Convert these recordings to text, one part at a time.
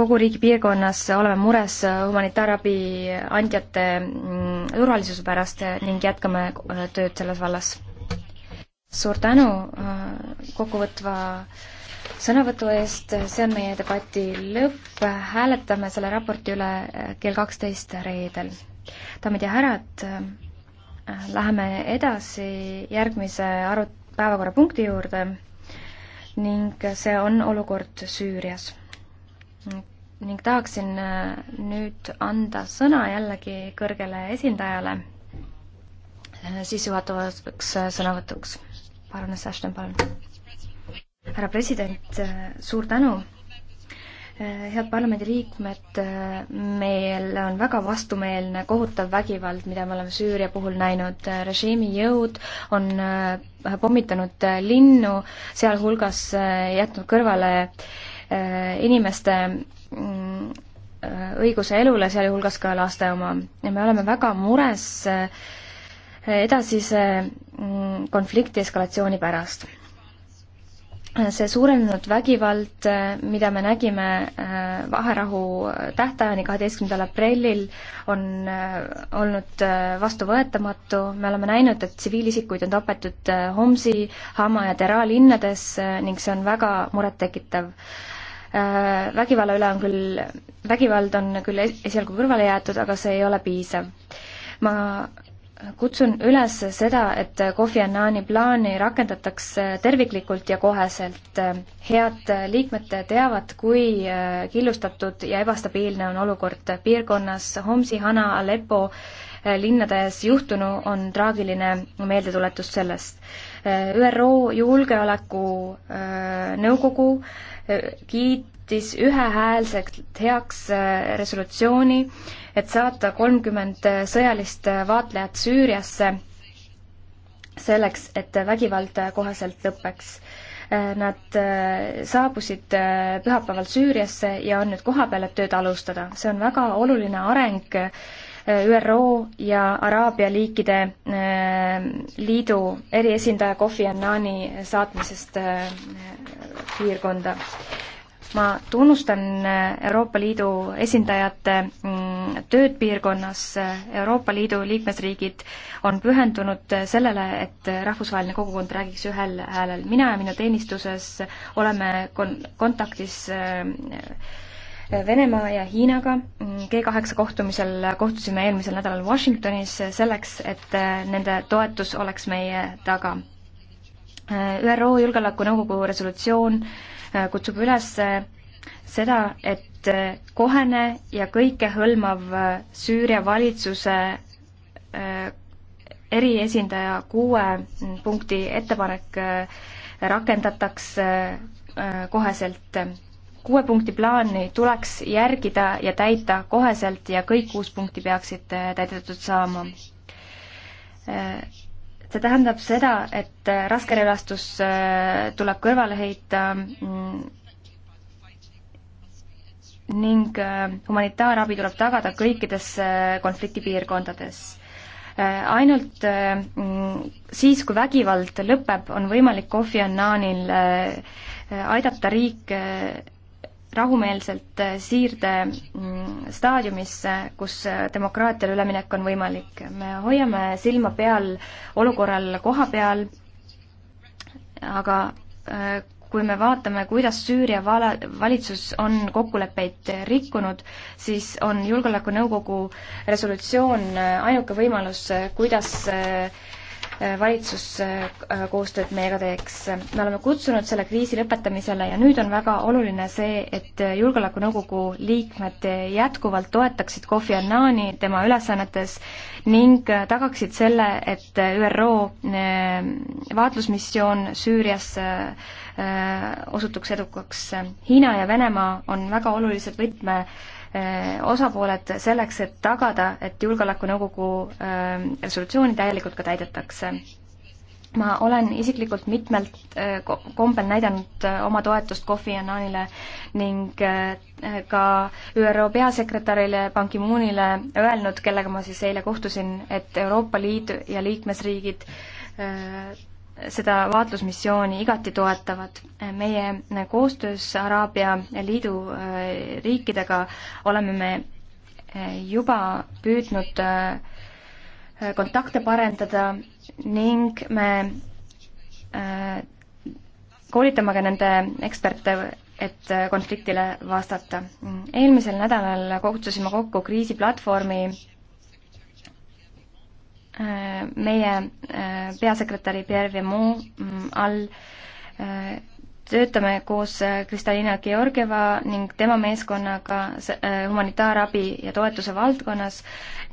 kogu riigi piirkonnas oleme mures humanitaarabi andjate mm, turvalisuse pärast ning jätkame äh, tööd selles vallas. suur tänu äh, kokkuvõtva sõnavõtu eest, see on meie debati lõpp, hääletame selle raporti üle äh, kell kaksteist reedel. daamid ja härrad, läheme edasi järgmise arut-, päevakorrapunkti juurde ning see on olukord Süürias ning tahaksin äh, nüüd anda sõna jällegi kõrgele esindajale äh, sissejuhatavaks äh, sõnavõtuks. Baroness Ashton, palun. härra president, suur tänu head parlamendiliikmed, meil on väga vastumeelne kohutav vägivald, mida me oleme Süüria puhul näinud, režiimi jõud on pommitanud linnu, sealhulgas jätnud kõrvale inimeste Mm, õiguse elule, sealhulgas ka laste oma. ja me oleme väga mures äh, edasise mm, konflikti eskalatsiooni pärast. see suurenenud vägivald, äh, mida me nägime äh, vaherahu tähtajani, kaheteistkümnendal aprillil, on olnud vastuvõetamatu, me oleme näinud, et tsiviilisikuid on tapetud Homsi, Hama ja Tera linnades ning see on väga murettekitav Äh, vägivalla üle on küll, vägivald on küll esialgu kõrvale jäetud, aga see ei ole piisav. ma kutsun üles seda, et Kofi Annani plaani rakendatakse terviklikult ja koheselt. head liikmed teavad, kui äh, killustatud ja ebastabiilne on olukord piirkonnas Homsi, Hana, Aleppo äh, linnades juhtunu on traagiline meeldetuletus sellest. ÜRO Julgeolekunõukogu kiitis ühehäälselt heaks äh, resolutsiooni, et saata kolmkümmend äh, sõjalist äh, vaatlejat Süüriasse selleks, et vägivald koheselt lõpeks. Nad saabusid pühapäeval Süüriasse ja on nüüd kohapeal, et tööd alustada. see on väga oluline areng ÜRO ja Araabia liikide äh, liidu eriesindaja Kofi Annani saatmisest äh, piirkonda. ma tunnustan äh, Euroopa Liidu esindajate mm, tööd piirkonnas, Euroopa Liidu liikmesriigid on pühendunud sellele, et rahvusvaheline kogukond räägiks ühel häälel. mina ja minu teenistuses oleme kon-, kontaktis äh, Venemaa ja Hiinaga. G8 kohtumisel kohtusime eelmisel nädalal Washingtonis selleks, et äh, nende toetus oleks meie taga. Äh, ÜRO Julgeolekunõukogu resolutsioon äh, kutsub üles seda, et kohene ja kõikehõlmav Süüria valitsuse eriesindaja kuue mm, punkti ettepanek rakendataks koheselt kuue punkti plaani tuleks järgida ja täita koheselt ja kõik kuus punkti peaksid äh, täidetud saama. Äh, see tähendab seda, et äh, raskerelvastus tuleb kõrvale heita mm, ning humanitaarabi tuleb tagada kõikides konfliktipiirkondades ainult mm, siis, kui vägivald lõpeb, on võimalik Kofi Annanil aidata riik rahumeelselt äh, siirde mm, staadiumisse, kus äh, demokraatiale üleminek on võimalik. me hoiame silma peal olukorral koha peal, aga äh, kui me vaatame, kuidas Süüria vala-, valitsus on kokkuleppeid rikkunud, siis on Julgeolekunõukogu resolutsioon ainuke võimalus, kuidas äh, valitsus koostööd meiega teeks. me oleme kutsunud selle kriisi lõpetamisele ja nüüd on väga oluline see, et Julgeolekunõukogu liikmed jätkuvalt toetaksid Kofi Annani tema ülesannetes ning tagaksid selle, et ÜRO eh, vaatlusmissioon Süürias eh, osutuks edukaks. Hiina ja Venemaa on väga olulised võtme Äh, osapooled selleks, et tagada, et Julgeolekunõukogu ähm, resolutsiooni täielikult ka täidetakse. ma olen isiklikult mitmelt äh, kombel näidanud äh, oma toetust Kofi Annanile ning ka ÜRO peasekretärile Ban Ki-moonile öelnud, kellega ma siis eile kohtusin, et Euroopa Liit ja liikmesriigid seda vaatlusmissiooni igati toetavad. meie koostöös Araabia Liidu äh, riikidega oleme me äh, juba püüdnud äh, kontakte parendada ning me koolitame ka nende eksperte, et konfliktile vastata. eelmisel nädalal kutsusime kokku kriisiplatvormi Äh, meie äh, peasekretäri Pierre Vimont mm, all äh, töötame koos äh, Kristalina Georgieva ning tema meeskonnaga äh, humanitaarabi ja toetuse valdkonnas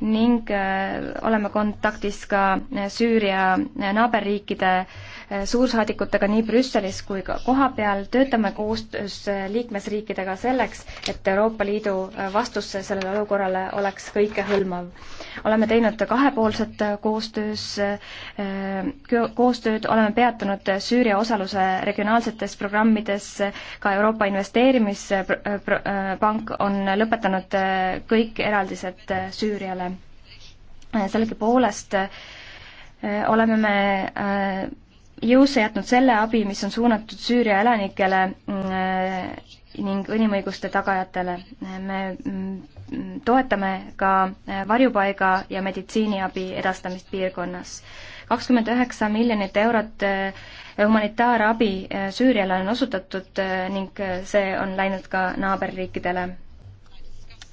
ning äh, oleme kontaktis ka Süüria naaberriikide suursaadikutega nii Brüsselis kui ka kohapeal. töötame koostöös liikmesriikidega selleks, et Euroopa Liidu vastus sellele olukorrale oleks kõikehõlmav. oleme teinud kahepoolset koostöös, koostööd, oleme peatunud Süüria osaluse regionaalsetes programmidesse, ka Euroopa Investeerimispank on lõpetanud äh, kõik eraldised äh, Süüriale. Äh, sellegipoolest oleme me jõusse jätnud selle abi, mis on suunatud Süüria elanikele ning inimõiguste tagajatele. me mm, toetame ka varjupaiga ja meditsiiniabi edastamist piirkonnas kakskümmend üheksa miljonit eurot eh, humanitaarabi eh, Süüriale on osutatud eh, ning see on läinud ka naaberriikidele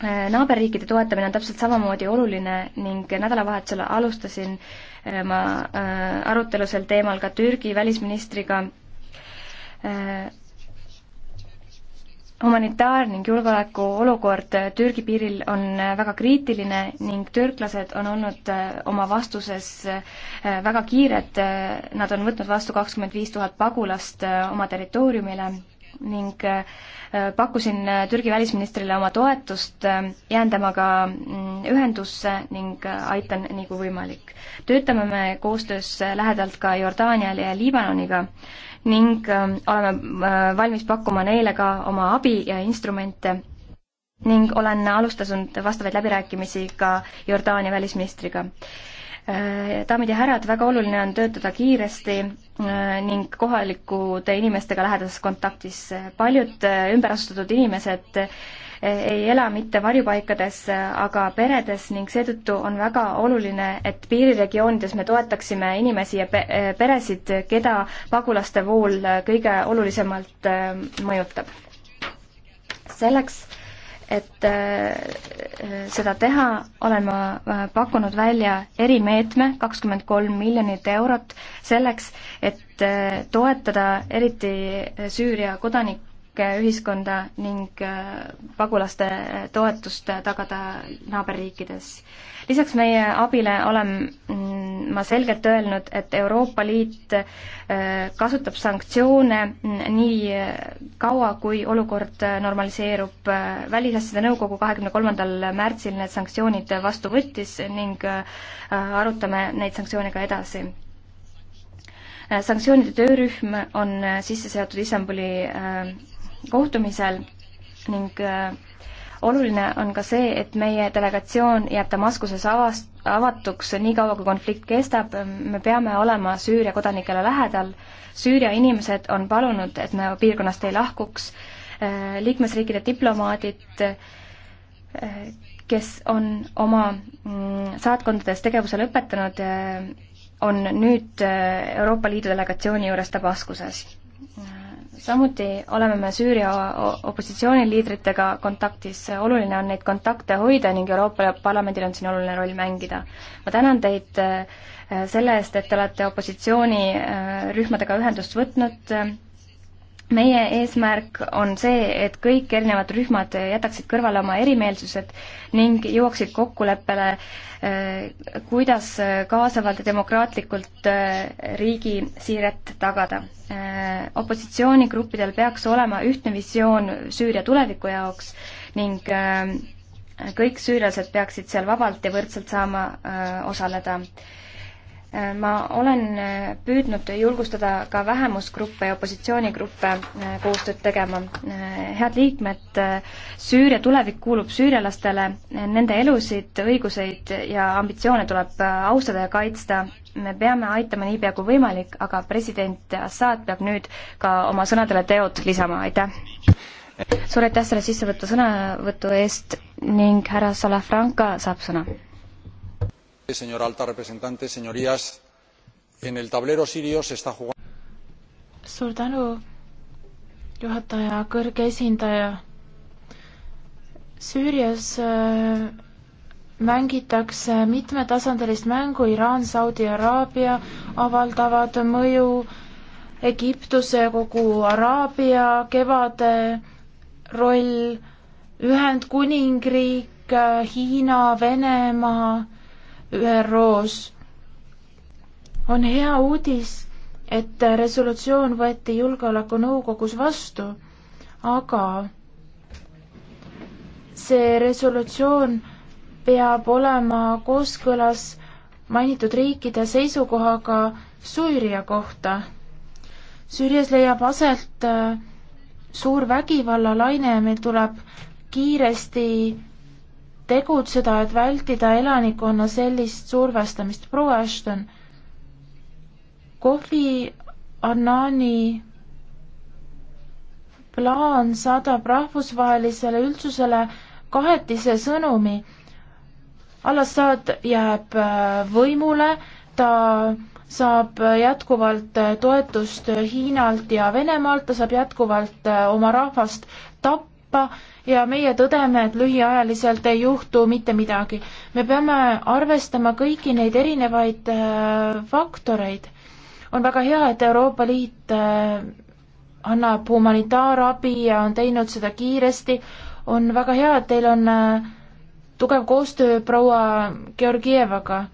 naaberriikide toetamine on täpselt samamoodi oluline ning nädalavahetusel alustasin ma arutelu sel teemal ka Türgi välisministriga humanitaar- ning julgeolekuolukord Türgi piiril on väga kriitiline ning türklased on olnud äh, oma vastuses äh, väga kiired, äh, nad on võtnud vastu kakskümmend viis tuhat pagulast oma territooriumile ning äh, pakkusin äh, Türgi välisministrile oma toetust, äh, jään temaga mm, ühendusse ning aitan nii nagu kui võimalik. töötame me koostöös lähedalt ka Jordaanial ja Liibanoniga ning oleme valmis pakkuma neile ka oma abi ja instrumente ning olen alustanud vastavaid läbirääkimisi ka Jordaania välisministriga Äh, daamid ja härrad, väga oluline on töötada kiiresti äh, ning kohalikude inimestega lähedases kontaktis. paljud äh, ümberasustatud inimesed ei ela mitte varjupaikades, aga peredes ning seetõttu on väga oluline, et piiriregioonides me toetaksime inimesi ja pe peresid, keda pagulaste vool kõige olulisemalt mõjutab. selleks et äh, seda teha, olen ma äh, pakkunud välja erimeetme, kakskümmend kolm miljonit eurot, selleks, et äh, toetada eriti Süüria kodanike ühiskonda ning pagulaste toetust tagada naaberriikides lisaks meie abile oleme mm, ma selgelt öelnud, et Euroopa Liit äh, kasutab sanktsioone mm, nii äh, kaua, kui olukord äh, normaliseerub. välisasjade nõukogu kahekümne kolmandal märtsil need sanktsioonid vastu võttis ning arutame neid sanktsioone ka edasi. sanktsioonide töörühm on sisse seatud Istanbuli kohtumisel ning oluline on ka see, et meie delegatsioon jääb Damaskuses avast-, avatuks niikaua, kui konflikt kestab, me peame olema Süüria kodanikele lähedal, Süüria inimesed on palunud, et me piirkonnast ei lahkuks, eh, liikmesriikide diplomaadid, eh, kes on oma mm, saatkondades tegevuse lõpetanud, eh, on nüüd Euroopa Liidu delegatsiooni juures Damaskuses samuti oleme me Süüria opositsiooniliidritega kontaktis, oluline on neid kontakte hoida ning Euroopa Parlamendil on siin oluline roll mängida. ma tänan teid äh, selle eest, et te olete opositsioonirühmadega ühendust võtnud meie eesmärk on see, et kõik erinevad rühmad jätaksid kõrvale oma erimeelsused ning jõuaksid kokkuleppele, eh, kuidas eh, kaasavalt ja demokraatlikult eh, riigisiiret tagada. opositsioonigruppidel peaks olema ühtne visioon Süüria tuleviku jaoks ning kõik süürlased peaksid seal vabalt ja võrdselt saama osaleda ma olen äh, püüdnud julgustada ka vähemusgruppe ja opositsioonigruppe äh, koostööd tegema. Äh, head liikmed, Süüria tulevik kuulub süürialastele, nende elusid, õiguseid ja ambitsioone tuleb austada ja kaitsta. me peame aitama niipea kui võimalik, aga president Assad peab nüüd ka oma sõnadele teod lisama, aitäh! suur aitäh selle sissevõtu sõnavõtu eest ning härra Salafranca saab sõna señor presidente señora alta representante señorías en el tablero sirio se está jugando. suur tänu juhataja kõrge esindaja süürias äh, mängitakse mitmetasandilist mängu iraan saudi araabia avaldavad mõju egiptuse kogu araabia kevade roll ühendkuningriik äh, Hiina, Venemaa ÜRO-s. on hea uudis, et resolutsioon võeti Julgeolekunõukogus vastu, aga see resolutsioon peab olema kooskõlas mainitud riikide seisukohaga Süüria kohta. Süürias leiab aset äh, suur vägivallalaine ja meil tuleb kiiresti tegutseda, et vältida elanikkonna sellist survestamist. proua Ashton, Kofi Annani plaan saadab rahvusvahelisele üldsusele kahetise sõnumi. Al-Assad jääb äh, võimule, ta saab jätkuvalt äh, toetust Hiinalt ja Venemaalt, ta saab jätkuvalt äh, oma rahvast tappa, Euroopa ja meie tõdeme, et lühiajaliselt ei juhtu mitte midagi. me peame arvestama kõiki neid erinevaid äh, faktoreid. on väga hea, et Euroopa Liit äh, annab humanitaarabi ja on teinud seda kiiresti. on väga hea, et teil on äh, tugev koostöö proua Georgievaga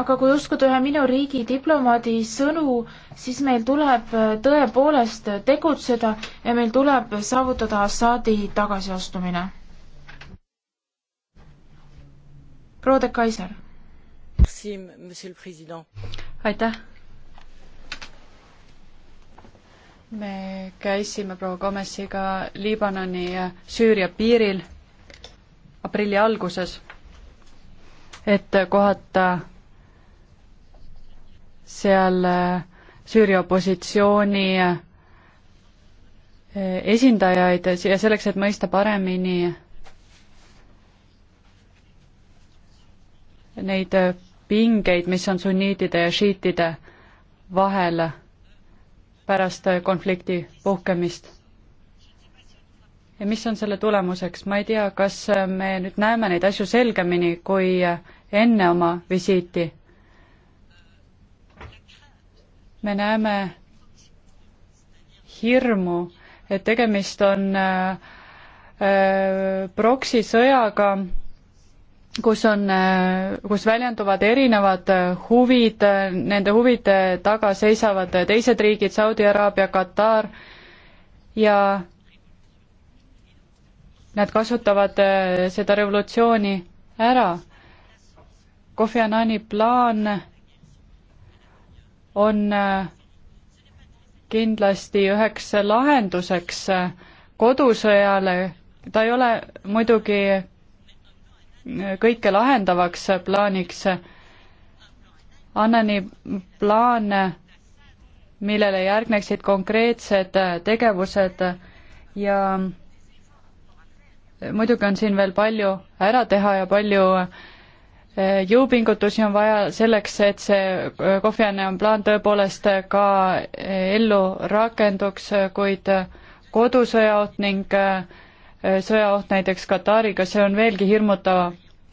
aga kui uskuda ühe minu riigi diplomaadi sõnu, siis meil tuleb äh, tõepoolest tegutseda ja meil tuleb saavutada Assaadi tagasiastumine. proua de Kaiser. aitäh. me käisime proua Gomesiga Liibanoni ja Süüria piiril aprilli alguses, et kohata seal äh, Süüria opositsiooni äh, esindajaid ja selleks, et mõista paremini neid äh, pingeid, mis on sunniitide ja šiitide vahel pärast konflikti puhkemist. ja mis on selle tulemuseks, ma ei tea, kas me nüüd näeme neid asju selgemini kui enne oma visiiti me näeme hirmu, et tegemist on äh, äh proksi sõjaga, kus on, äh, kus väljenduvad erinevad äh, huvid, nende huvide taga seisavad teised riigid, Saudi Araabia, Katar ja nad kasutavad seda revolutsiooni ära. Kofi Annani plaan on äh, kindlasti üheks lahenduseks äh, kodusõjale, ta ei ole muidugi äh, kõike lahendavaks plaaniks. Annani plaan, millele järgneksid konkreetsed tegevused ja muidugi on siin veel palju ära teha ja palju jõupingutusi on vaja selleks, et see äh, kohvianneon plaan tõepoolest ka äh, ellu rakenduks, kuid äh, kodusõjaoht ning sõjaoht näiteks Katariga, see on veelgi hirmutav.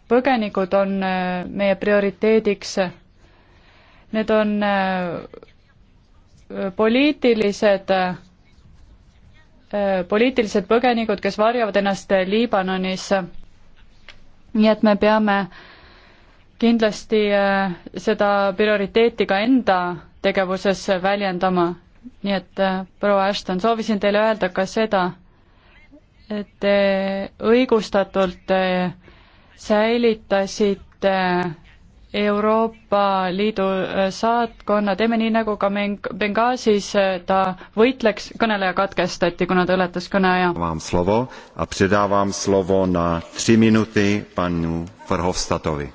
põgenikud on meie prioriteediks. Need on poliitilised poliitilised põgenikud, kes varjavad ennast Liibanonis. nii et me peame äh, kindlasti äh, seda prioriteeti ka enda tegevuses väljendama. nii et äh, proua Ashton, soovisin teile öelda ka seda, et te õigustatult äh, säilitasite Euroopa Liidu saatkonna, teeme nii, nagu ka Beng-, Benghazis ta võitleks, kõneleja katkestati, kuna ta ületas kõneaja. Vám slovo a předávám slovo na tři minuty panu Verhofstadtovi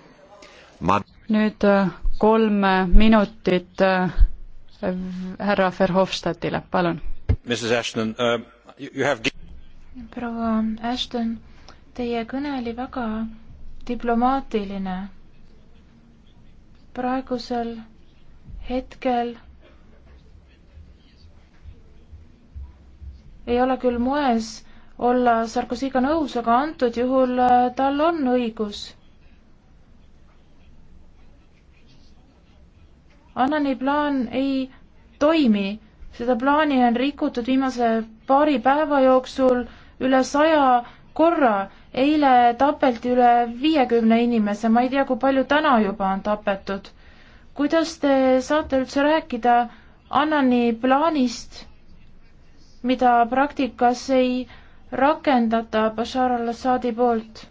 nüüd äh, kolm minutit äh, härra Verhofstadtile, palun. Um, proua Ashton, teie kõne oli väga diplomaatiline. praegusel hetkel ei ole küll moes olla Sarkozyga nõus, aga antud juhul äh, tal on õigus Annani plaan ei toimi. seda plaani on rikutud viimase paari päeva jooksul üle saja korra. eile tapeti üle viiekümne inimese, ma ei tea, kui palju täna juba on tapetud. kuidas te saate üldse rääkida Annani plaanist, mida praktikas ei rakendata Bashar al-Assadi poolt?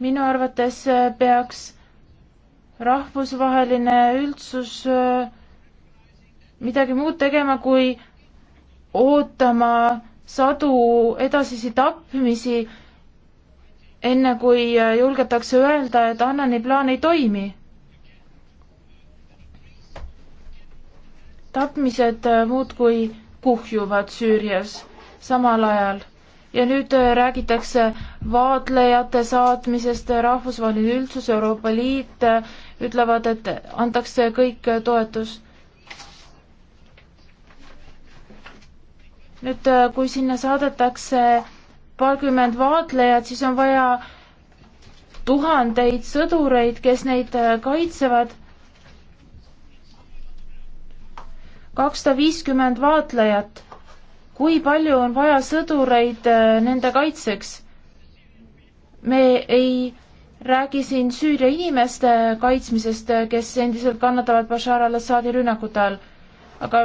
minu arvates peaks rahvusvaheline üldsus äh, midagi muud tegema, kui ootama sadu edasisi tapmisi, enne kui äh, julgetakse öelda, et Annani plaan ei toimi. tapmised äh, muudkui kuhjuvad Süürias samal ajal ja nüüd räägitakse vaatlejate saatmisest, rahvusvaheline üldsus, Euroopa Liit ütlevad, et antakse kõik toetus. nüüd, äh, kui sinna saadetakse paarkümmend vaatlejat, siis on vaja tuhandeid sõdureid, kes neid äh, kaitsevad. kakssada viiskümmend vaatlejat. kui palju on vaja sõdureid äh, nende kaitseks? me ei rääkisin Süüria inimeste kaitsmisest, kes endiselt kannatavad Bashar al-Assadi rünnakute all. aga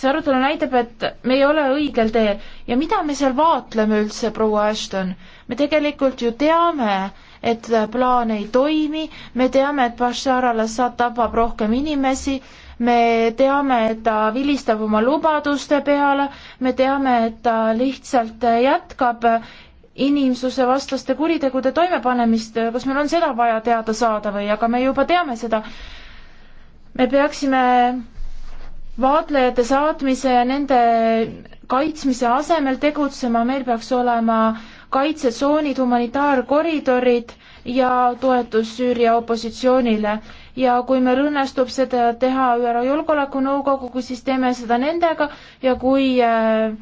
see arutelu näitab, et me ei ole õigel teel ja mida me seal vaatleme üldse, proua Ashton? me tegelikult ju teame, et plaan ei toimi, me teame, et Bashar al-Assad tapab rohkem inimesi, me teame, et ta vilistab oma lubaduste peale, me teame, et ta lihtsalt jätkab inimsusevastaste kuritegude toimepanemist, kas meil on seda vaja teada saada või, aga me juba teame seda. me peaksime vaatlejate saatmise ja nende kaitsmise asemel tegutsema, meil peaks olema kaitsetsoonid, humanitaarkoridorid ja toetus Süüria opositsioonile. ja kui meil õnnestub seda teha ÜRO Julgeolekunõukoguga, siis teeme seda nendega ja kui äh,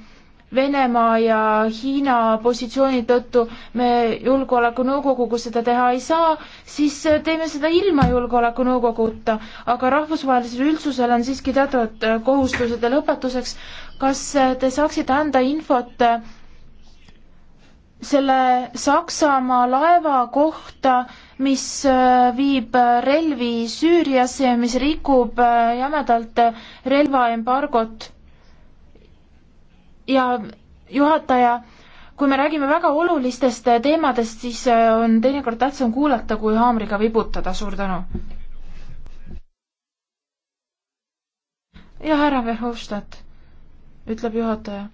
Venemaa ja Hiina positsiooni tõttu me Julgeolekunõukoguga seda teha ei saa, siis teeme seda ilma Julgeolekunõukoguta, aga rahvusvahelisel üldsusel on siiski teatavad äh, kohustused ja lõpetuseks, kas äh, te saaksite anda infot äh, selle Saksamaa laeva kohta, mis viib relvi Süüriasse ja mis rikub jämedalt relvaembargot ja juhataja, kui me räägime väga olulistest teemadest, siis äh, on teinekord tähtsam kuulata, kui haamriga vibutada, suur tänu. jah, härra Verhofstadt, ütleb juhataja.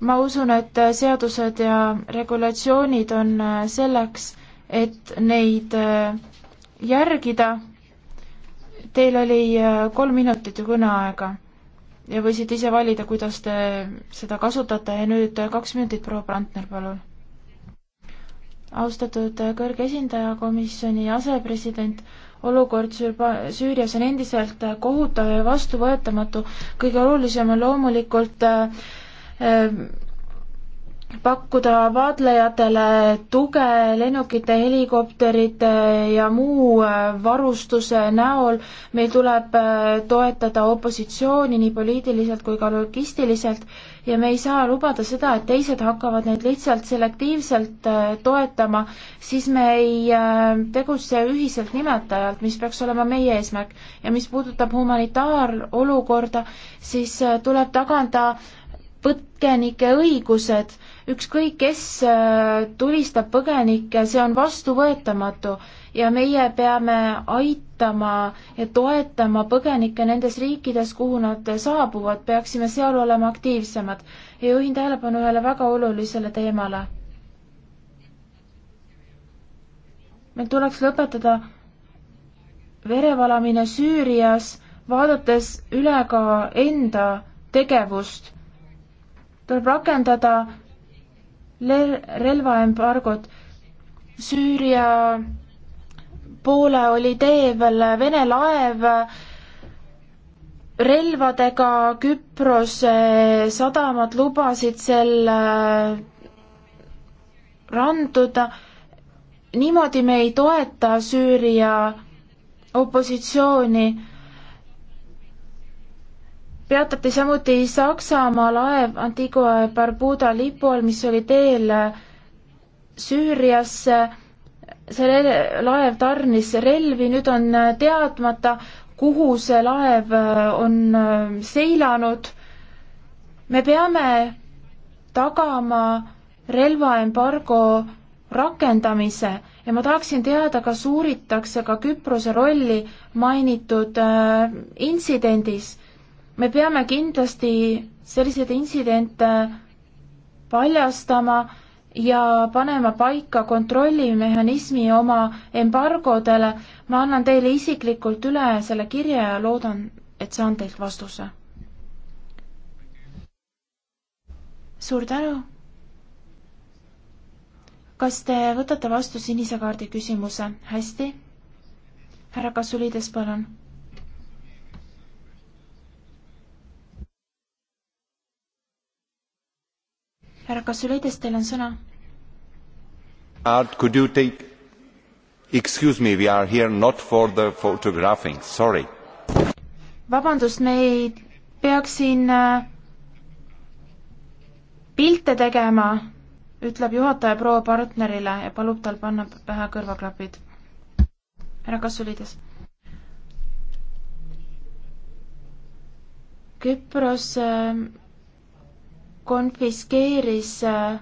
ma usun, et seadused ja regulatsioonid on äh, selleks, et neid äh, järgida. Teil oli kolm minutit ju kõneaega ja võisite ise valida, kuidas te seda kasutate ja nüüd kaks minutit, proua Brandner, palun. austatud kõrge esindaja, komisjoni asepresident, olukord Süürias on endiselt kohutav ja vastuvõetamatu, kõige olulisem on loomulikult äh, äh pakkuda vaatlejatele tuge lennukite, helikopterite ja muu äh, varustuse näol. meil tuleb äh, toetada opositsiooni nii poliitiliselt kui ka logistiliselt ja me ei saa lubada seda, et teised hakkavad neid lihtsalt selektiivselt äh, toetama, siis me ei tegutse ühiselt nimetajalt, mis peaks olema meie eesmärk. ja mis puudutab humanitaarolukorda, siis tuleb tagada põgenike õigused, ükskõik kes äh, tulistab põgenikke, see on vastuvõetamatu ja meie peame aitama ja toetama põgenikke nendes riikides, kuhu nad saabuvad, peaksime seal olema aktiivsemad. ja juhin tähelepanu ühele väga olulisele teemale. meil tuleks lõpetada verevalamine Süürias, vaadates üle ka enda tegevust tuleb rakendada relvaembargot. Süüria poole oli teevel Vene laev relvadega Küprose sadamad lubasid sel äh, randuda. niimoodi me ei toeta Süüria opositsiooni peatati samuti Saksamaa laev Antigua Barbuda lipu all, mis oli teel Süüriasse. see laev tarnis relvi, nüüd on teadmata, kuhu see laev äh, on äh, seilanud. me peame tagama relvaembargo rakendamise ja ma tahaksin teada, kas uuritakse ka Küprose rolli mainitud äh, intsidendis me peame kindlasti selliseid intsidente paljastama ja panema paika kontrollimehhanismi oma embargodele. ma annan teile isiklikult üle selle kirja ja loodan, et saan teilt vastuse. suur tänu. kas te võtate vastu sinise kaardi küsimuse? hästi. härra Kasulides, palun härra Kasulides, teil on sõna. Could you take, excuse me, we are here not for the photographing, sorry. vabandust, me ei peaks siin äh, pilte tegema, ütleb juhataja proua partnerile ja palub tal panna pähe kõrvaklapid. härra Kasulides. Küpros äh, konfiskeeris äh,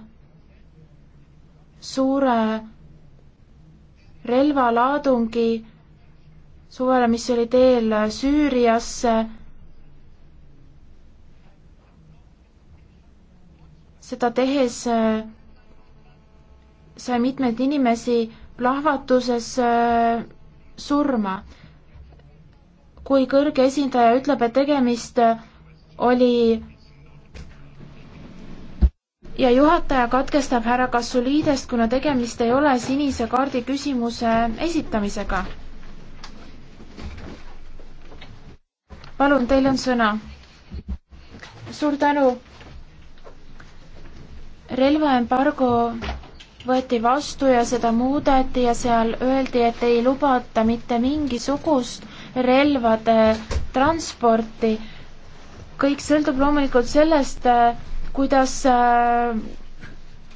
suure relvalaadungi suvele, mis oli teel äh, Süüriasse. seda tehes äh, sai mitmeid inimesi plahvatuses surma. kui kõrge esindaja ütleb, et tegemist oli ja juhataja katkestab härra Kasuliidest, kuna tegemist ei ole sinise kaardi küsimuse esitamisega. palun, teil on sõna. suur tänu. relvaembargo võeti vastu ja seda muudeti ja seal öeldi, et ei lubata mitte mingisugust relvade transporti. kõik sõltub loomulikult sellest, kuidas äh,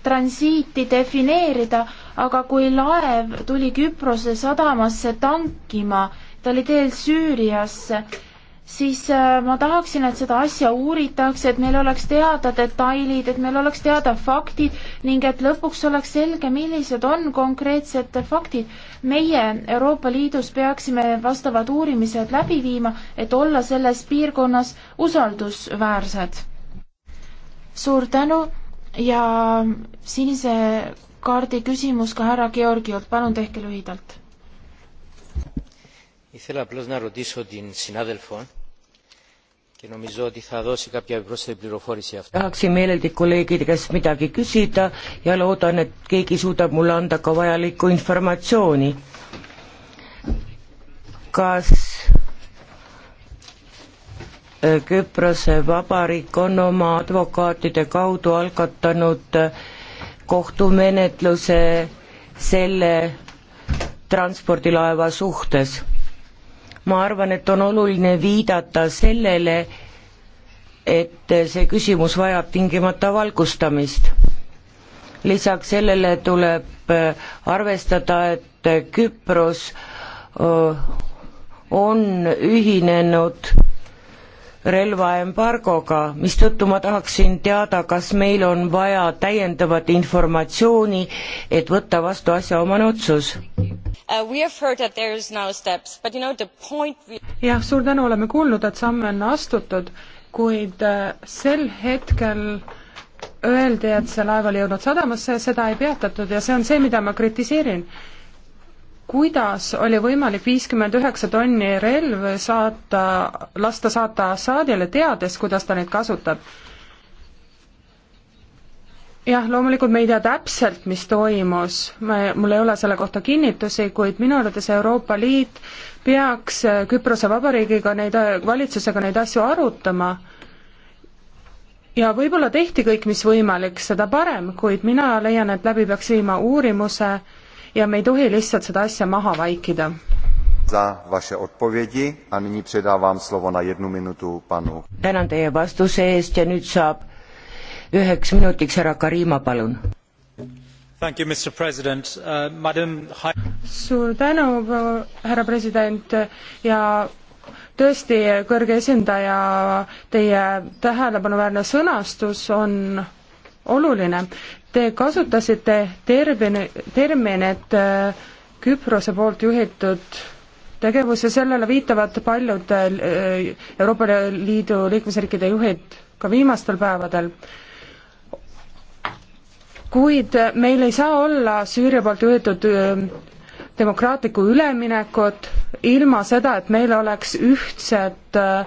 transiiti defineerida, aga kui laev tuli Küprose sadamasse tankima, ta oli teel Süüriasse, siis äh, ma tahaksin, et seda asja uuritaks, et meil oleks teada detailid, et meil oleks teada faktid ning et lõpuks oleks selge, millised on konkreetsed faktid. meie Euroopa Liidus peaksime vastavad uurimised läbi viima, et olla selles piirkonnas usaldusväärsed suur tänu ja sinise kaardi küsimus ka härra Georgiolt, palun tehke lühidalt. Ήθελα απλώς να ρωτήσω την συνάδελφο και νομίζω ότι θα δώσει κάποια επιπρόσθετη πληροφόρηση αυτή. Tahaksin meeleldi kolleegide käest midagi küsida ja loodan, et keegi suudab mulle anda ka vajalikku informatsiooni. Kas Küprose Vabariik on oma advokaatide kaudu algatanud kohtumenetluse selle transpordilaeva suhtes. ma arvan, et on oluline viidata sellele, et see küsimus vajab tingimata valgustamist. lisaks sellele tuleb arvestada, et Küpros äh, on ühinenud relvaembargoga, mistõttu ma tahaksin teada, kas meil on vaja täiendavat informatsiooni, et võtta vastu asjaomane otsus. Uh, jah, suur tänu, oleme kuulnud, et samme on astutud, kuid äh, sel hetkel öeldi, et see laev oli jõudnud sadamasse ja seda ei peatatud ja see on see, mida ma kritiseerin kuidas oli võimalik viiskümmend üheksa tonni relv saata, lasta saata Assadile, teades, kuidas ta neid kasutab? jah, loomulikult me ei tea täpselt, mis toimus, me, mul ei ole selle kohta kinnitusi, kuid minu arvates Euroopa Liit peaks Küprose Vabariigiga neid, valitsusega neid asju arutama ja võib-olla tehti kõik, mis võimalik, seda parem, kuid mina leian, et läbi peaks viima uurimuse, ja me ei tohi lihtsalt seda asja maha vaikida. tänan teie vastuse eest ja nüüd saab üheks minutiks härra Karima, palun. You, mr president uh, madam suur tänu härra president ja tõesti kõrge esindaja teie tähelepanuväärne sõnastus on oluline Te kasutasite termin, terminit äh, Küprose poolt juhitud tegevus ja sellele viitavad paljud äh, Euroopa Liidu liikmesriikide juhid ka viimastel päevadel. kuid meil ei saa olla Süüria poolt juhitud äh, demokraatlikku üleminekut ilma seda, et meil oleks ühtsed äh,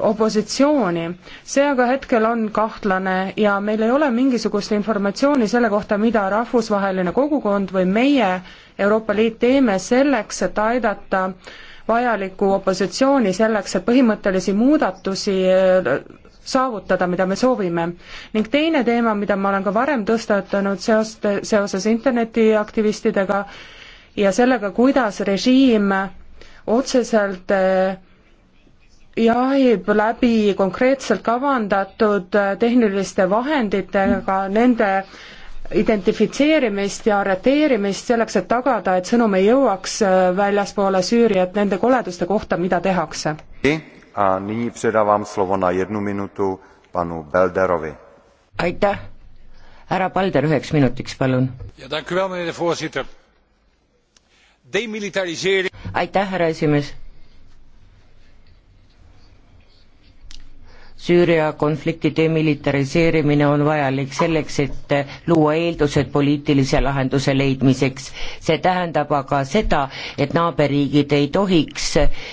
opositsiooni. see aga hetkel on kahtlane ja meil ei ole mingisugust informatsiooni selle kohta, mida rahvusvaheline kogukond või meie, Euroopa Liit, teeme selleks, et aidata vajalikku opositsiooni selleks, et põhimõttelisi muudatusi saavutada, mida me soovime. ning teine teema, mida ma olen ka varem tõstatanud seost, seoses internetiaktivistidega ja sellega, kuidas režiim otseselt äh, jahib läbi konkreetselt kavandatud äh, tehniliste vahenditega nende identifitseerimist ja arreteerimist selleks, et tagada, et sõnum ei jõuaks äh, väljaspoole Süüriat nende koleduste kohta, mida tehakse. aitäh, härra Palder üheks minutiks, palun. aitäh, härra esimees Süüria konflikti demilitariseerimine on vajalik selleks, et luua eeldused poliitilise lahenduse leidmiseks. see tähendab aga seda, et naaberriigid ei tohiks äh,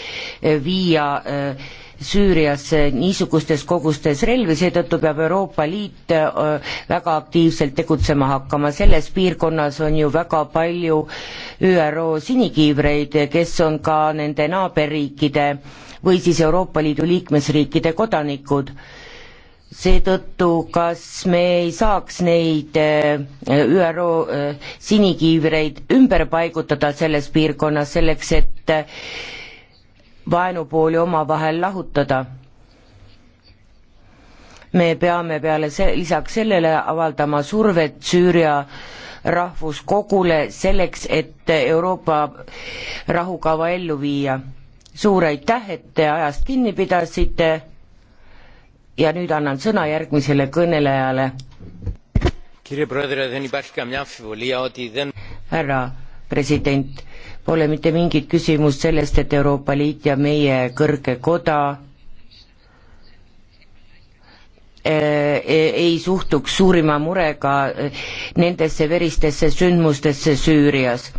viia äh, Süürias niisugustes kogustes relvi, seetõttu peab Euroopa Liit äh, väga aktiivselt tegutsema hakkama, selles piirkonnas on ju väga palju ÜRO sinikiivreid, kes on ka nende naaberriikide äh, või siis Euroopa Liidu liikmesriikide kodanikud. seetõttu, kas me ei saaks neid eh, ÜRO eh, sinikiivreid ümber paigutada selles piirkonnas selleks, et eh, vaenupooli omavahel lahutada? me peame peale se-, lisaks sellele avaldama survet Süüria rahvuskogule selleks, et Euroopa rahukava ellu viia suur aitäh, et te ajast kinni pidasite ja nüüd annan sõna järgmisele kõnelejale. härra president, pole mitte mingit küsimust sellest, et Euroopa Liit ja meie kõrge koda Äh, e-, ei suhtuks suurima murega äh, nendesse veristesse sündmustesse Süürias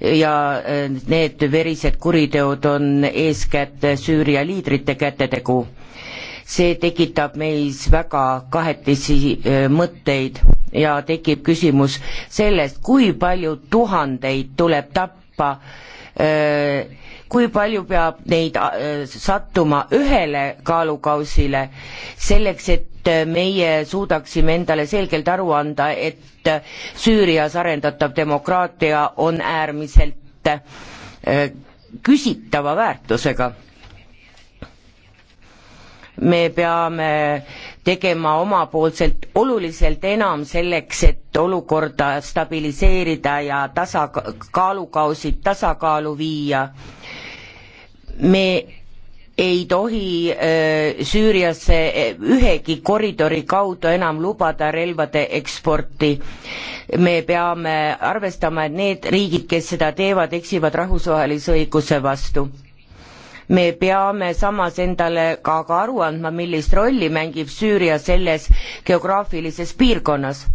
ja äh, need verised kuriteod on eeskätt Süüria liidrite kätetegu. see tekitab meis väga kahetisi mõtteid ja tekib küsimus sellest, kui palju tuhandeid tuleb tappa öö, kui palju peab neid äh, sattuma ühele kaalukausile selleks, et äh, meie suudaksime endale selgelt aru anda, et äh, Süürias arendatav demokraatia on äärmiselt küsitava väärtusega. me peame tegema omapoolselt oluliselt enam selleks, et olukorda stabiliseerida ja tasa, kaalukausid tasakaalu viia me ei tohi äh, Süüriasse äh, ühegi koridori kaudu enam lubada relvade eksporti. me peame arvestama, et need riigid, kes seda teevad, eksivad rahvusvahelise õiguse vastu. me peame samas endale ka, ka aru andma, millist rolli mängib Süüria selles geograafilises piirkonnas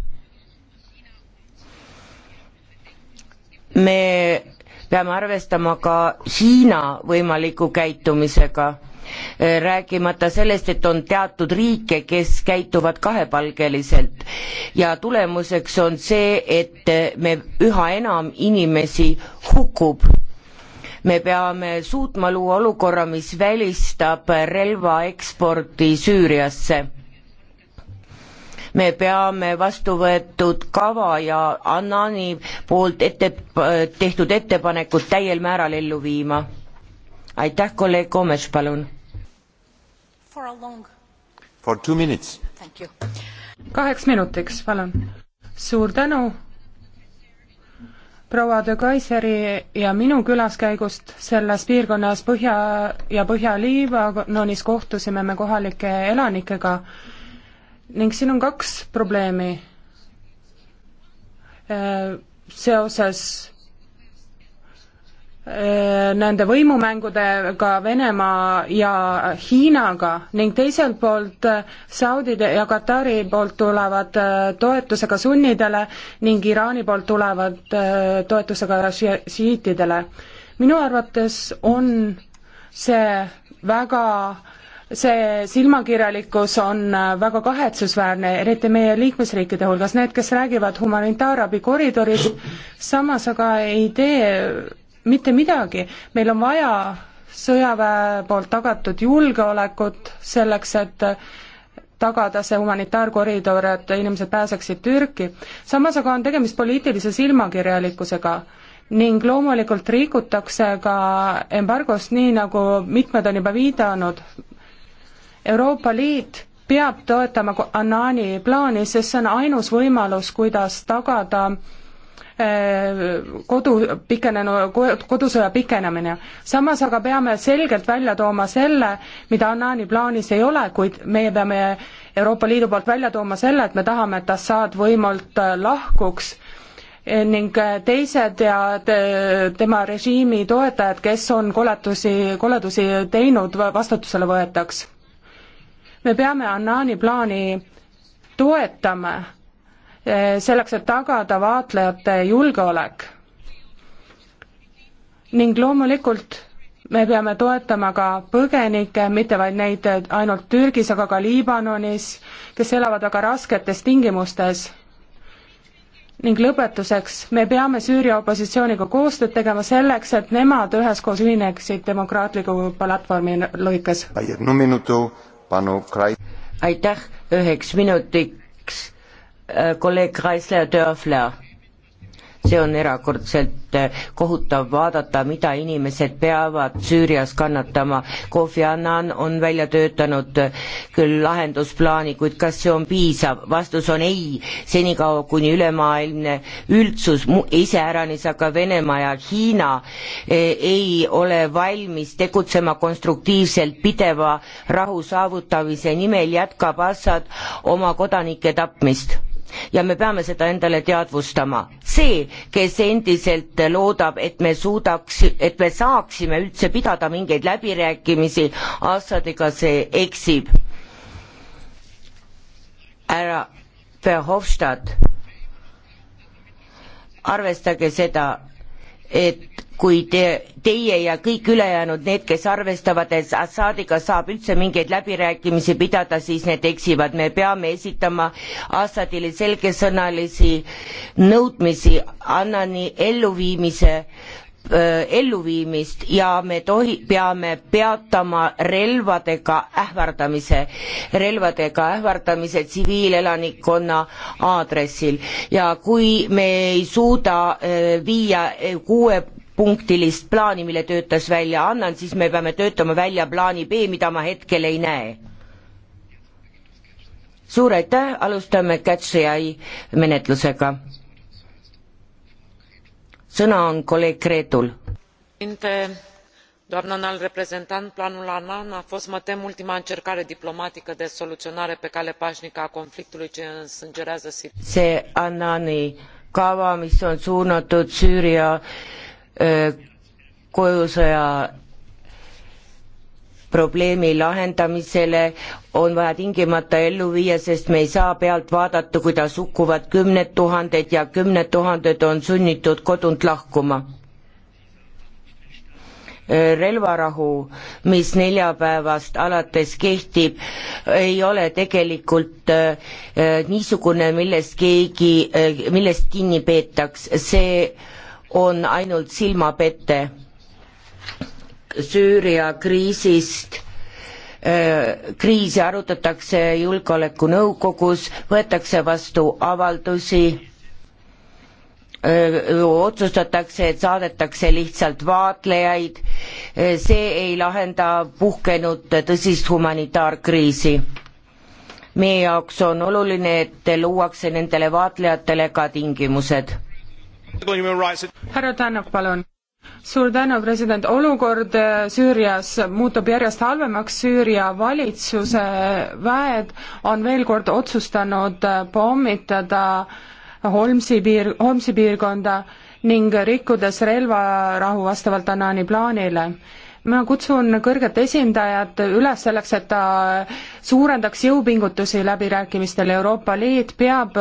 me peame arvestama ka Hiina võimaliku käitumisega, äh, rääkimata sellest, et on teatud riike, kes käituvad kahepalgeliselt ja tulemuseks on see, et äh, me üha enam inimesi hukkub me peame suutma luua olukorra, mis välistab relva ekspordi Süüriasse me peame vastu võetud kava ja Annani poolt ette, tehtud ettepanekud täiel määral ellu viima. aitäh, kolleeg Komes, palun. kaheks minutiks, palun. suur tänu proua de Kaiseri ja minu külaskäigust selles piirkonnas Põhja ja Põhja-Liibanonis kohtusime me kohalike elanikega ning siin on kaks probleemi äh, seoses äh, nende võimumängudega Venemaa ja Hiinaga ning teiselt poolt äh, Saudide ja Katari poolt tulevad toetusega sunnidele ning Iraani poolt tulevad toetusega šiiitidele. minu arvates on see väga see silmakirjalikkus on äh, väga kahetsusväärne, eriti meie liikmesriikide hulgas, need, kes räägivad humanitaarabi koridorist, samas aga ei tee mitte midagi, meil on vaja sõjaväe poolt tagatud julgeolekut selleks, et äh, tagada see humanitaarkoridor, et inimesed pääseksid Türki. samas aga on tegemist poliitilise silmakirjalikkusega ning loomulikult rikutakse ka embargost, nii nagu mitmed on juba viidanud, Euroopa Liit peab toetama Annani plaani, sest see on ainus võimalus, kuidas tagada eh, kodu pikenenu, kodusõja pikenemine. samas aga peame selgelt välja tooma selle, mida Annani plaanis ei ole, kuid meie peame Euroopa Liidu poolt välja tooma selle, et me tahame, et Assad võimult eh, lahkuks eh, ning teised ja te, tema režiimi toetajad, kes on koledusi, koledusi teinud, vastutusele võetaks me peame Annani plaani toetama eh, selleks, et tagada vaatlejate julgeolek. ning loomulikult me peame toetama ka põgenikke, mitte vaid neid ainult Türgis, aga ka Liibanonis, kes elavad väga rasketes tingimustes. ning lõpetuseks, me peame Süüria opositsiooniga koostööd tegema selleks, et nemad üheskoos ühineksid demokraatliku platvormi lõikes. no minutu aitäh üheks minutiks äh, kolleeg Kaisla ja Dörfler see on erakordselt äh, kohutav vaadata, mida inimesed peavad Süürias kannatama. Kofi Annan on välja töötanud äh, küll lahendusplaani, kuid kas see on piisav? vastus on ei, senikaua kuni ülemaailmne üldsus, iseäranis aga Venemaa ja Hiina äh, ei ole valmis tegutsema konstruktiivselt pideva rahu saavutamise nimel, jätkab Assad oma kodanike tapmist ja me peame seda endale teadvustama. see, kes endiselt loodab, et me suudaks, et me saaksime üldse pidada mingeid läbirääkimisi Assadiga, see eksib. härra Verhofstadt, arvestage seda, et kui te, teie ja kõik ülejäänud need, kes arvestavad, et Assadiga saab üldse mingeid läbirääkimisi pidada, siis need eksivad, me peame esitama Assadile selgesõnalisi nõudmisi Annani elluviimise elluviimist ja me tohi, peame peatama relvadega ähvardamise, relvadega ähvardamise tsiviilelanikkonna aadressil ja kui me ei suuda viia kuue punktilist plaani, mille töötas välja Annan, siis me peame töötama välja plaani B, mida ma hetkel ei näe. suur aitäh, alustame Catch the Eye menetlusega. sõna on kolleeg Gretul. doamnă înalt reprezentant planul annan a fost mă tem ultima încercare diplomatică de soluționare pe cale pașnică a conflictului ce însângerează siria. see annani kava mis on suunatud süüria kodusõja probleemi lahendamisele on vaja tingimata ellu viia, sest me ei saa pealt vaadata, kuidas hukkuvad kümned tuhanded ja kümned tuhanded on sunnitud kodunt lahkuma. relvarahu, mis neljapäevast alates kehtib, ei ole tegelikult niisugune, millest keegi, millest kinni peetaks, see on ainult silmapette. Süüria kriisist äh, kriisi arutatakse Julgeolekunõukogus, võetakse vastu avaldusi, äh, otsustatakse, et saadetakse lihtsalt vaatlejaid, äh, see ei lahenda puhkenud tõsist humanitaarkriisi. meie jaoks on oluline, et luuakse nendele vaatlejatele ka tingimused härra Tänak, palun suur tänu, president, olukord eh, Süürias muutub järjest halvemaks, Süüria valitsuse väed on veel kord otsustanud eh, pommitada Holmsi piir, Holmsi piirkonda ning rikkudes relvarahu vastavalt Anani plaanile ma kutsun kõrget esindajat üles selleks, et ta suurendaks jõupingutusi läbirääkimistel, Euroopa Liit peab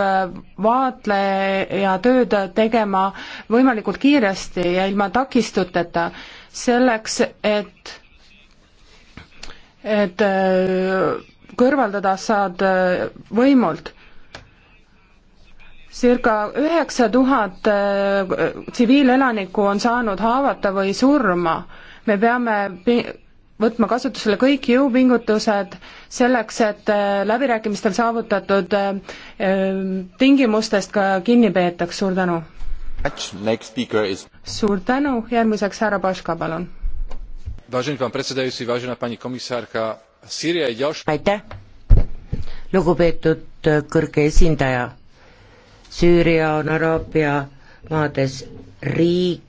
vaatleja tööd tegema võimalikult kiiresti ja ilma takistuteta, selleks et, et äh, kõrvaldada Assad äh, võimult circa üheksa tuhat äh, tsiviilelanikku on saanud haavata või surma me peame võtma kasutusele kõik jõupingutused selleks, et äh, läbirääkimistel saavutatud äh, tingimustest ka kinni peetaks, suur tänu! Is... suur tänu, järgmiseks härra Paška, palun! aitäh, lugupeetud äh, kõrge esindaja! Süüria on Araabia maades riik,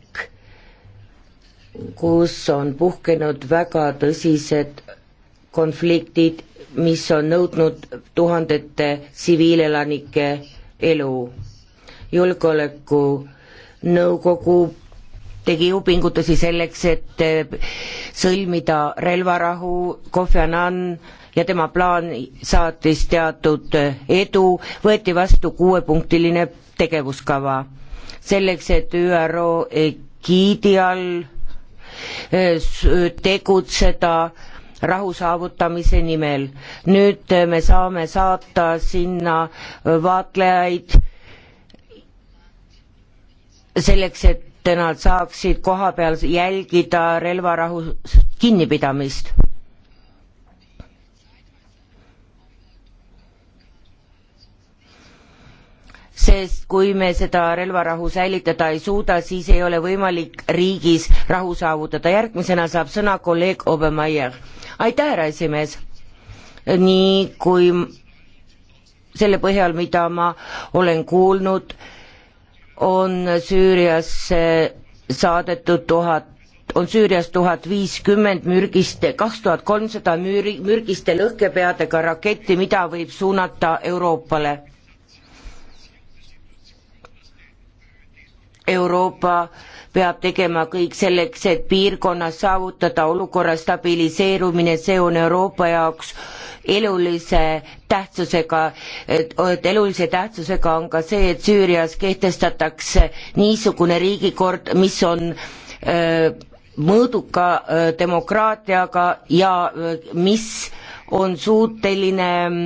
kus on puhkenud väga tõsised konfliktid, mis on nõudnud tuhandete tsiviilelanike elu. julgeolekunõukogu tegi ju pingutusi selleks, et eh, sõlmida relvarahu, Kofi Annan ja tema plaan saatis teatud eh, edu, võeti vastu kuuepunktiline tegevuskava selleks, et ÜRO egiidi all Äh, tegutseda rahu saavutamise nimel. nüüd äh, me saame saata sinna äh, vaatlejaid selleks, et nad saaksid kohapeal jälgida relvarahu kinnipidamist sest kui me seda relvarahu säilitada ei suuda, siis ei ole võimalik riigis rahu saavutada. järgmisena saab sõna kolleeg Obemaier. aitäh, härra esimees! nii kui selle põhjal, mida ma olen kuulnud, on Süüriasse saadetud tuhat on Süürias tuhat viiskümmend mürgiste, kaks tuhat kolmsada müüri, mürgiste lõhkepeadega raketti, mida võib suunata Euroopale. Euroopa peab tegema kõik selleks, et piirkonnas saavutada olukorra stabiliseerumine, see on Euroopa jaoks elulise tähtsusega, et elulise tähtsusega on ka see, et Süürias kehtestatakse niisugune riigikord, mis on öö, mõõduka öö, demokraatiaga ja öö, mis on suuteline öö,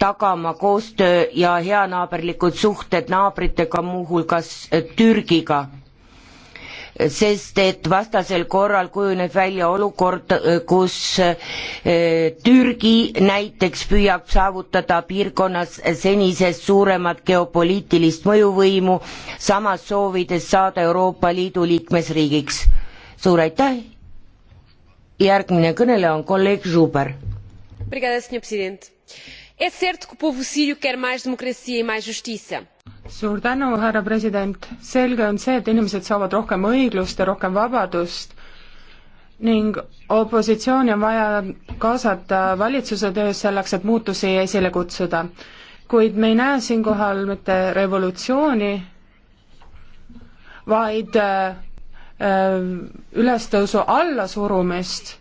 tagama koostöö ja heanaaberlikud suhted naabritega, muuhulgas eh, Türgiga. sest et vastasel korral kujuneb välja olukord, eh, kus eh, Türgi näiteks püüab saavutada piirkonnas senisest suuremat geopoliitilist mõjuvõimu, samas soovides saada Euroopa Liidu liikmesriigiks. suur aitäh! järgmine kõneleja on kolleeg Zuber. É certo que o povo sírio quer mais democracia e mais justiça. suur tänu, härra president. selge on see, et inimesed saavad rohkem õiglust ja rohkem vabadust ning opositsiooni on vaja kaasata valitsuse töös selleks, et muutusi esile kutsuda. kuid me ei näe siinkohal mitte revolutsiooni, vaid äh, ülestõusu allasurumist,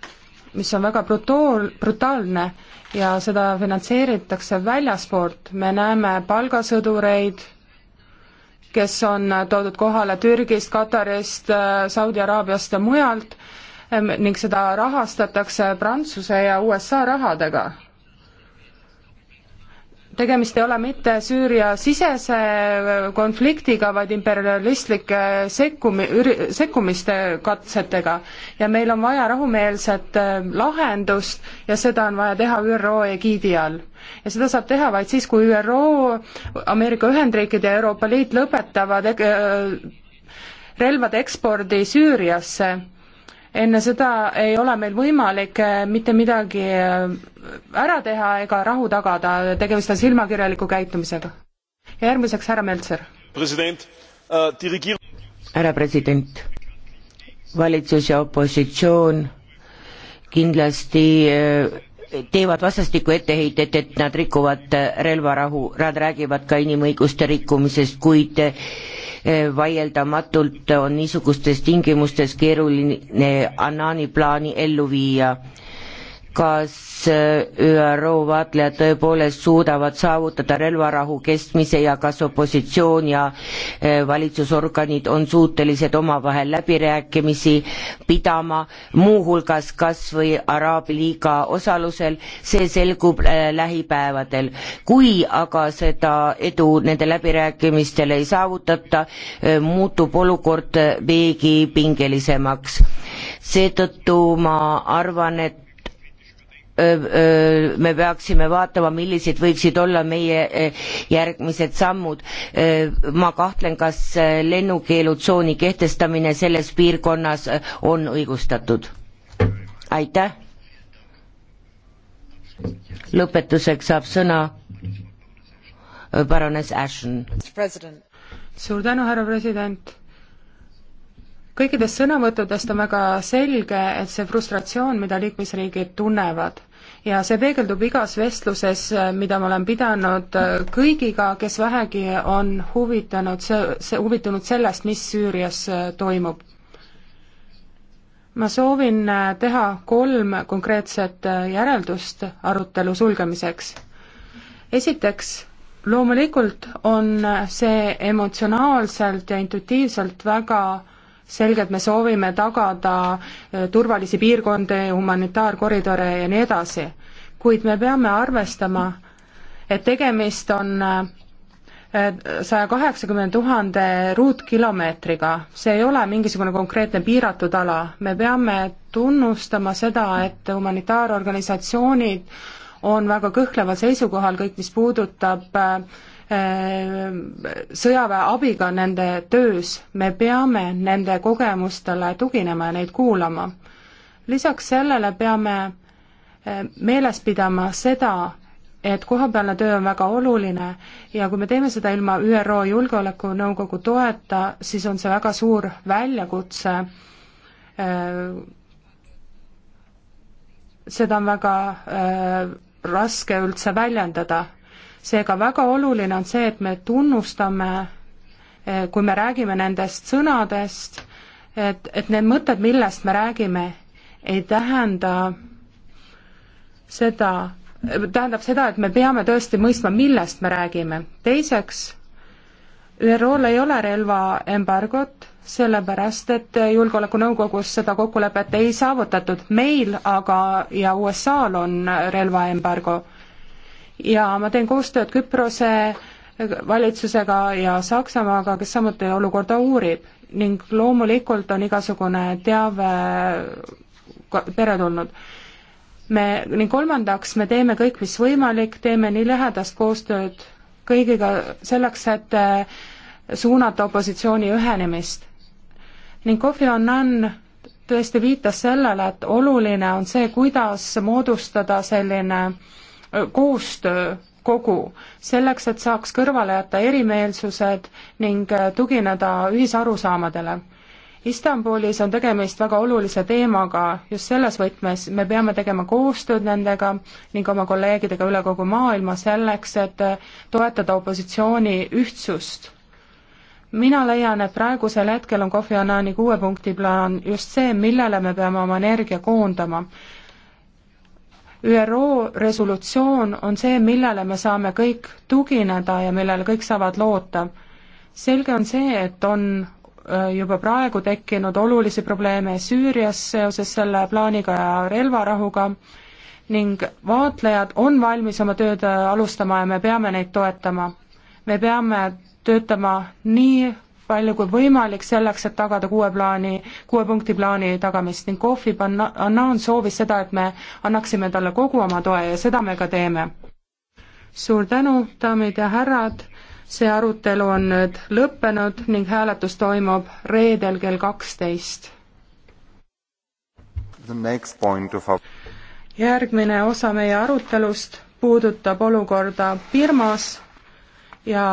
mis on väga brutool, brutaalne ja seda finantseeritakse väljaspoolt, me näeme palgasõdureid, kes on toodud kohale Türgist, Katarist, Saudi Araabiast ja mujalt ning seda rahastatakse Prantsuse ja USA rahadega tegemist ei ole mitte Süüria-sisese konfliktiga, vaid imperialistlike sekkumi-, sekkumiste katsetega. ja meil on vaja rahumeelset äh, lahendust ja seda on vaja teha ÜRO egiidi all. ja seda saab teha vaid siis, kui ÜRO, Ameerika Ühendriigid ja Euroopa Liit lõpetavad äh, relvade ekspordi Süüriasse enne seda ei ole meil võimalik äh, mitte midagi äh, ära teha ega rahu tagada, tegemist on silmakirjaliku käitumisega. ja järgmiseks härra Meltser. Äh, härra president, valitsus ja opositsioon kindlasti teevad vastastikku etteheited, et nad rikuvad relvarahu, nad räägivad ka inimõiguste rikkumisest, kuid Eh, vaieldamatult on niisugustes tingimustes keeruline eh, Annani plaani ellu viia kas äh, ÜRO vaatlejad tõepoolest suudavad saavutada relvarahu kestmise ja kas opositsioon ja äh, valitsusorganid on suutelised omavahel läbirääkimisi pidama, muuhulgas kas või Araabia liiga osalusel, see selgub äh, lähipäevadel. kui aga seda edu nende läbirääkimistel ei saavutata, muutub olukord veegi pingelisemaks. seetõttu ma arvan, et me peaksime vaatama, millised võiksid olla meie järgmised sammud. ma kahtlen, kas lennukeelutsooni kehtestamine selles piirkonnas on õigustatud. aitäh. lõpetuseks saab sõna baroness Ashton. suur tänu, härra president kõikidest sõnavõttudest on väga selge, et see frustratsioon, mida liikmesriigid tunnevad, ja see peegeldub igas vestluses, mida ma olen pidanud äh, kõigiga, kes vähegi on huvitanud see, see, huvitunud sellest, mis Süürias äh, toimub. ma soovin äh, teha kolm konkreetset järeldust arutelu sulgemiseks. esiteks, loomulikult on see emotsionaalselt ja intuitiivselt väga selgelt me soovime tagada äh, turvalisi piirkondi, humanitaarkoridore ja nii edasi. kuid me peame arvestama, et tegemist on äh, äh, saja kaheksakümne tuhande ruutkilomeetriga, see ei ole mingisugune konkreetne piiratud ala, me peame tunnustama seda, et humanitaarorganisatsioonid on väga kõhkleval seisukohal, kõik mis puudutab äh, Äh, sõjaväe abiga nende töös, me peame nende kogemustele tuginema ja neid kuulama. lisaks sellele peame äh, meeles pidama seda, et kohapealne töö on väga oluline ja kui me teeme seda ilma ÜRO Julgeolekunõukogu toeta, siis on see väga suur väljakutse. Äh, seda on väga raske üldse väljendada seega väga oluline on see, et me tunnustame, eh, kui me räägime nendest sõnadest, et, et need mõtted, millest me räägime, ei tähenda seda, tähendab seda, et me peame tõesti mõistma, millest me räägime. teiseks, ÜRO-l ei ole relvaembargot, sellepärast et Julgeolekunõukogus seda kokkulepet ei saavutatud. meil aga ja USA-l on relvaembargo ja ma teen koostööd Küprose valitsusega ja Saksamaaga, kes samuti olukorda uurib ning loomulikult on igasugune teave teretulnud me, ning kolmandaks, me teeme kõik, mis võimalik, teeme nii lähedast koostööd kõigiga selleks, et eh, suunata opositsiooni ühenemist. ning Kofi Annan tõesti viitas sellele, et oluline on see, kuidas moodustada selline koostöökogu, selleks et saaks kõrvale jätta erimeelsused ning äh, tugineda ühisarusaamadele. Istanbulis on tegemist väga olulise teemaga just selles võtmes, me peame tegema koostööd nendega ning oma kolleegidega üle kogu maailma selleks, et äh, toetada opositsiooni ühtsust. mina leian, et praegusel hetkel on Kofi Annani kuue punkti plaan just see, millele me peame oma energia koondama ÜRO resolutsioon on see, millele me saame kõik tugineda ja millele kõik saavad loota. selge on see, et on äh, juba praegu tekkinud olulisi probleeme Süürias seoses selle plaaniga ja relvarahuga ning vaatlejad on valmis oma tööd äh, alustama ja me peame neid toetama. me peame töötama nii palju kui võimalik selleks, et tagada kuue plaani, kuue punkti plaani tagamist ning Kofi Annan soovis seda, et me annaksime talle kogu oma toe ja seda me ka teeme. suur tänu, daamid ja härrad, see arutelu on nüüd lõppenud ning hääletus toimub reedel kell kaksteist. järgmine osa meie arutelust puudutab olukorda Birmas ja